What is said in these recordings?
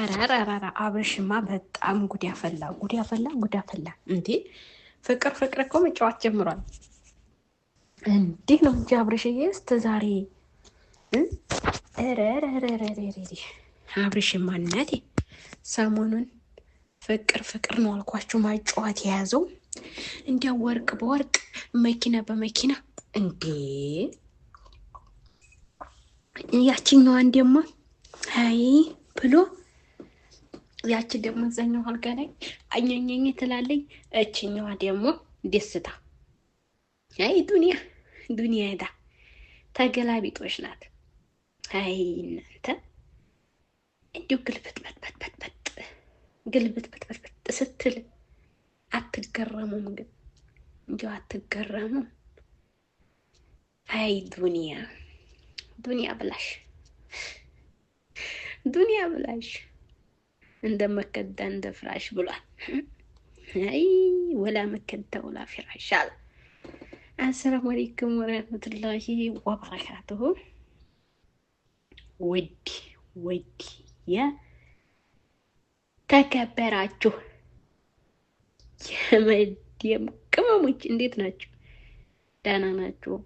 አራራራ አብርሽማ በጣም ጉድ ያፈላ ጉድ ያፈላ ጉድ ያፈላ። እንዴ ፍቅር ፍቅር እኮ መጫወት ጀምሯል። እንዲህ ነው እንጂ አብርሽዬ እስከ ዛሬ አብርሽማ እናቴ ሰሞኑን ፍቅር ፍቅር ነው አልኳችሁ። ማጫወት የያዘው እንዲያ ወርቅ በወርቅ መኪና በመኪና እንዴ ያችኛዋን ደግሞ አይ ብሎ ያቺ ደግሞ እዛኛው አልጋ ላይ አኛኛኝ ትላለኝ። እችኛዋ ደግሞ ደስታ አይ ዱኒያ ዱኒያ ዳ ተገላቢጦች ናት። አይ እናንተ እንዲሁ ግልብት በጥበጥበጥበጥ ግልብት በጥበጥበጥ ስትል አትገረሙም? ግን እንዲሁ አትገረሙም? አይ ዱኒያ ዱንያ ብላሽ ዱንያ ብላሽ እንደ መከዳ እንደ ፍራሽ ብሏል። አይ ወላ መከዳ ወላ ፍራሽ አለ። አሰላሙ አለይኩም ወራህመቱላሂ ወበረካቱሁ። ወዲ ወዲ ያ ተከበራችሁ የመድየም ቅመሞች እንዴት ናችሁ? ደህና ናችሁ?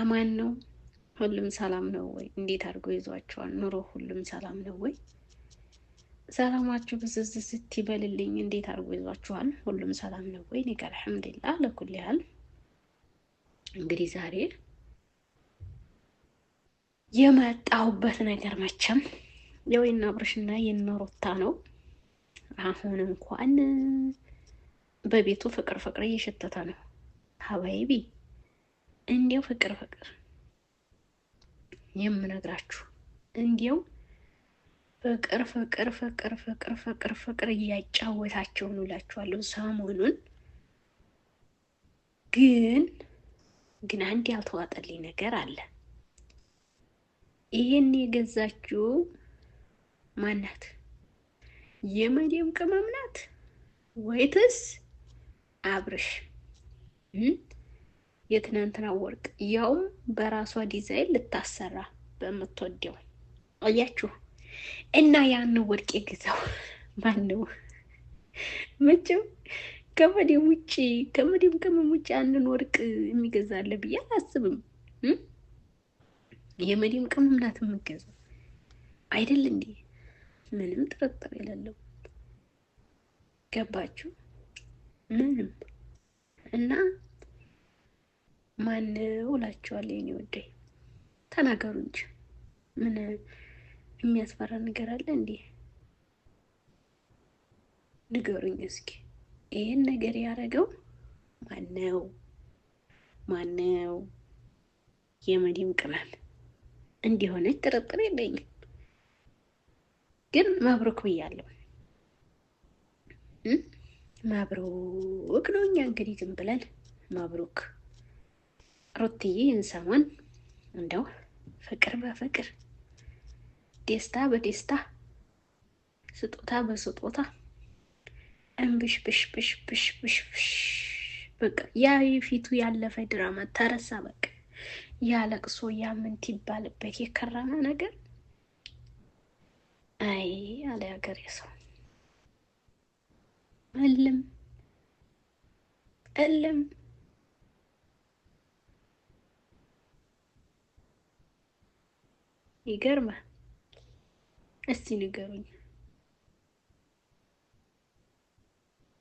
አማን ነው? ሁሉም ሰላም ነው ወይ? እንዴት አድርጎ ይዟቸዋል ኑሮ? ሁሉም ሰላም ነው ወይ? ሰላማችሁ ብዝዝ ይበልልኝ እንዴት አድርጎ ይዟችኋል? ሁሉም ሰላም ነው ወይ? እኔ ጋር አልሐምዱሊላህ ለኩል ያህል እንግዲህ ዛሬ የመጣሁበት ነገር መቼም የወይና ብርሽና የነሮታ ነው። አሁን እንኳን በቤቱ ፍቅር ፍቅር እየሸተተ ነው ሀባይቢ እንዲያው ፍቅር ፍቅር የምነግራችሁ እንዲያው ፍቅር ፍቅር ፍቅር ፍቅር ፍቅር ፍቅር እያጫወታቸው ነው እላችኋለሁ። ሰሞኑን ግን ግን አንድ ያልተዋጠልኝ ነገር አለ። ይሄን የገዛችው ማናት? የመዲም ቅመም ናት ወይትስ አብርሽ? የትናንትና ወርቅ ያውም በራሷ ዲዛይን ልታሰራ በምትወደው አያችሁ። እና ያን ወርቅ የገዛው ማን ነው? መቼም ከመዲም ውጭ ከመዲም ከመም ውጭ ያንን ወርቅ የሚገዛለ ብዬ አላስብም። የመዲም ቅመም ናት የምገዛው አይደል እንዴ? ምንም ጥርጥር የሌለው ገባችሁ? ምንም እና ማን ውላችኋል? የኔ ወደይ ተናገሩ እንጂ ምን የሚያስፈራ ነገር አለ እንዴ? ንገሩኝ እስኪ። ይህን ነገር ያደረገው ማነው? ማነው? የመዲም ቅመም እንዲሆነች ጥርጥር የለኝም። ግን መብሩክ ብያለሁ። መብሩክ ነው። እኛ እንግዲህ ዝም ብለን መብሩክ ሩትዬ እንሰማን እንደው ፍቅር በፍቅር ደስታ በደስታ ስጦታ በስጦታ እንብሽ ብሽ ብሽ ብሽ ብሽ ብሽ በቃ ያ የፊቱ ያለፈ ድራማ ተረሳ። በቃ ያ ለቅሶ ያ ምንት ይባልበት የከረመ ነገር አይ አለ ሀገር የሰው እልም እልም ይገርማ። እስቲ ንገሩኝ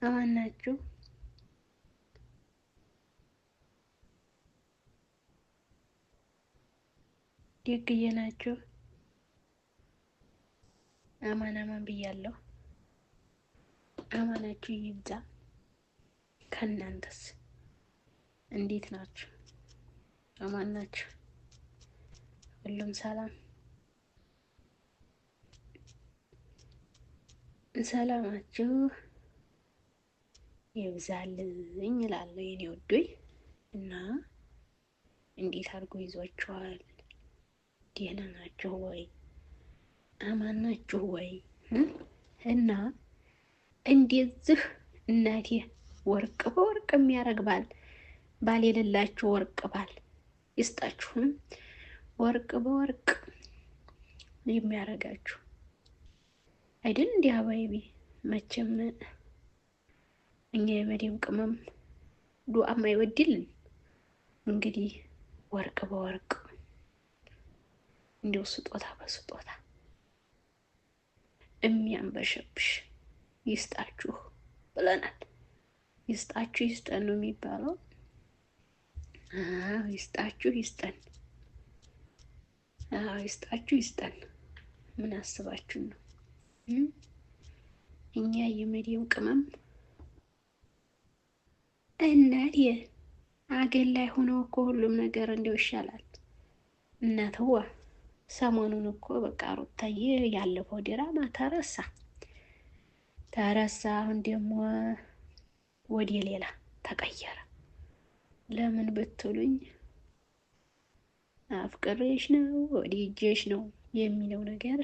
አማን ናችሁ? ደግዬ ናችሁ? አማን አማን ብያለሁ። አማናችሁ ይብዛ። ከእናንተስ እንዴት ናችሁ? አማን ናችሁ? ሁሉም ሰላም ሰላማችሁ ይብዛልኝ እላለሁ የኔ ወዶይ እና እንዴት አድርጎ ይዟችኋል? ደህና ናችሁ ወይ? አማን ናችሁ ወይ? እና እንደዚህ እናቴ ወርቅ በወርቅ የሚያደርግ ባል ባል የሌላችሁ ወርቅ ባል ይስጣችሁም ወርቅ በወርቅ የሚያረጋችሁ አይደል? እንዲህ አባይቢ መቼም እኛ የመዲም ቅመም ዱአም አይወድልን። እንግዲህ ወርቅ በወርቅ እንዲሁ ስጦታ በስጦታ የሚያንበሸብሽ ይስጣችሁ ብለናል። ይስጣችሁ ይስጠን ነው የሚባለው። ይስጣችሁ ይስጠን፣ ይስጣችሁ ይስጠን። ምን አስባችሁ ነው? እኛ የመዲም ቅመም እናት አገል ላይ ሆኖ እኮ ሁሉም ነገር እንደው ይሻላል። እናትዋ ሰሞኑን እኮ በቃ ሩታዬ ያለፈው ድራማ ተረሳ ተረሳ። አሁን ደግሞ ወደ ሌላ ተቀየረ። ለምን ብትሉኝ አፍቅሬሽ ነው ወዲጄሽ ነው የሚለው ነገር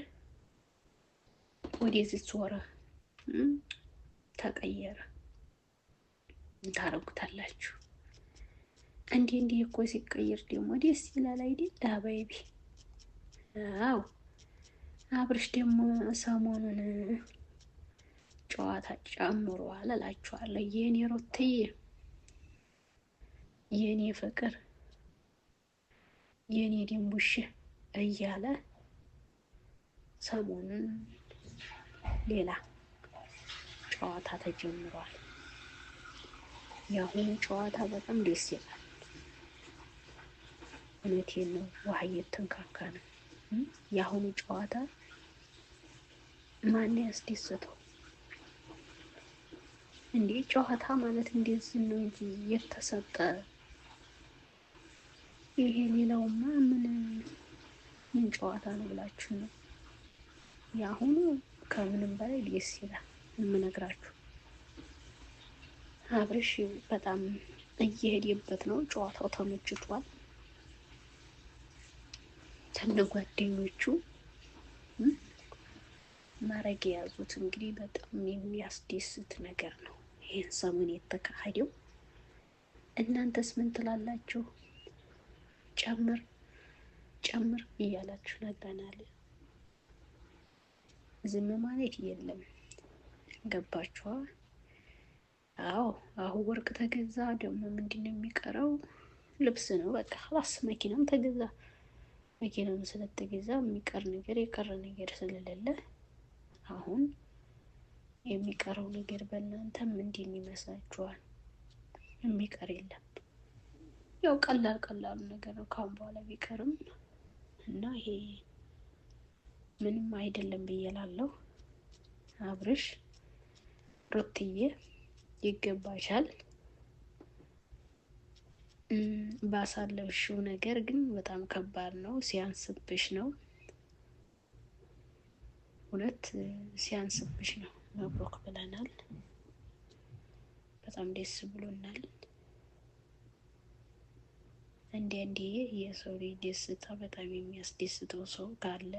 ወደዚህ ዞረ፣ ተቀየረ። ታረጉታላችሁ። እንዲህ እንዲህ እኮ ሲቀየር ደግሞ ደስ ይላል አይደል? ዳባይቢ አው አብርሽ ደግሞ ሰሞኑን ጨዋታ ጨምሯል እላችኋለሁ። የኔ ሮትዬ፣ የኔ ፍቅር፣ የኔ ድንቡሽ እያለ ሰሞኑን ሌላ ጨዋታ ተጀምሯል። የአሁኑ ጨዋታ በጣም ደስ ይላል። እውነቴን ነው። ውሃ እየተንካካ ነው። የአሁኑ ጨዋታ ማን ያስደሰተው እንዴ? ጨዋታ ማለት እንደዚህ ነው እንጂ የተሰጠ ይሄ ሌላውማ ምን ምን ጨዋታ ነው ብላችሁ ነው የአሁኑ ከምንም በላይ ደስ ይላል የምነግራችሁ። አብርሽ በጣም እየሄደበት ነው። ጨዋታው ተመችቷል። ከነ ጓደኞቹ ማረግ የያዙት እንግዲህ በጣም የሚያስደስት ነገር ነው። ይህን ሰሞን የተካሄደው እናንተስ ምን ትላላችሁ? ጨምር ጨምር እያላችሁ ነግረናል። ዝም ማለት የለም። ገባችኋ? አዎ። አሁን ወርቅ ተገዛ፣ ደግሞ ምንድን ነው የሚቀረው? ልብስ ነው በቃ ላስ መኪናም ተገዛ። መኪናም ስለተገዛ የሚቀር ነገር የቀረ ነገር ስለሌለ አሁን የሚቀረው ነገር በእናንተ ምንድን ይመስላችኋል? የሚቀር የለም። ያው ቀላል ቀላሉ ነገር ነው ካሁን በኋላ ቢቀርም እና ይሄ ምንም አይደለም ብዬ እላለሁ። አብርሽ ሩትዬ ይገባሻል። ባሳለፍሽው ነገር ግን በጣም ከባድ ነው። ሲያንስብሽ ነው፣ እውነት ሲያንስብሽ ነው። መብሮክ ብለናል። በጣም ደስ ብሎናል። አንዳንዴ የሰው ልጅ ደስታ በጣም የሚያስደስተው ሰው ካለ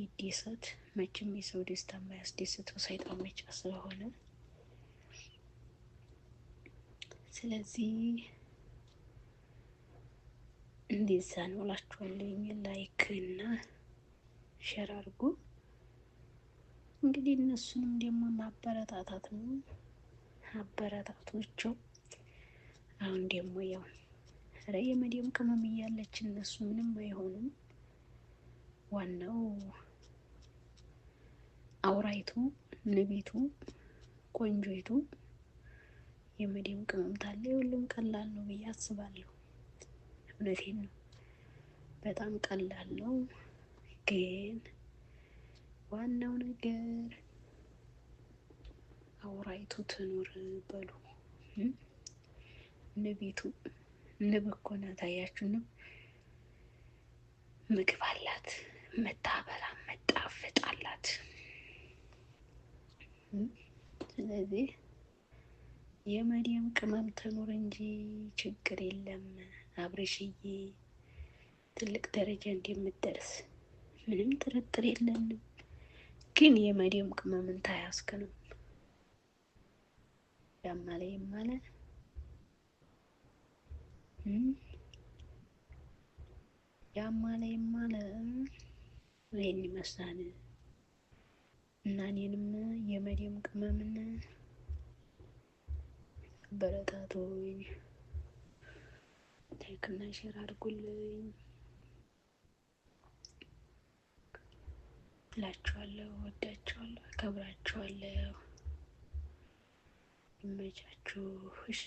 ይደሰት። መቼም የሰው ደስታ የማያስደስተው ሰይጣን ብቻ ስለሆነ ስለዚህ እንደዛ ነው እላችኋለሁኝ። ላይክ እና ሸር አድርጉ። እንግዲህ እነሱንም ደግሞ ማበረታታት ነው፣ አበረታቷቸው። አሁን ደግሞ ያው ኧረ የመዲየም ቅመም እያለች እነሱ ምንም አይሆንም። ዋናው አውራይቱ ንቢቱ ቆንጆይቱ የመዲም ቅመም ታለ ሁሉም ቀላል ነው ብዬ አስባለሁ። እውነቴን ነው፣ በጣም ቀላል ነው። ግን ዋናው ነገር አውራይቱ ትኑር በሉ ንቢቱ ንብ እኮ ናት። አያችሁ ነው ምግብ አላት፣ መታበላ መጣፍጥ አላት። ስለዚህ የመዲያም ቅመም ትኑር እንጂ ችግር የለም አብረሽዬ ትልቅ ደረጃ እንደምትደርስ ምንም ጥርጥር የለንም። ግን የመዲያም ቅመምን ታያስክ ነው ያማለ የማለ ያማ ላይ ማለ ይሄን ይመስላል እና እኔንም የመዲም ቅመምን በረታቶኝ ላይክ እና ሼር አድርጉልኝ እላችኋለሁ። ወዳችኋለሁ፣ አከብራችኋለሁ። ይመቻችሁ። እሺ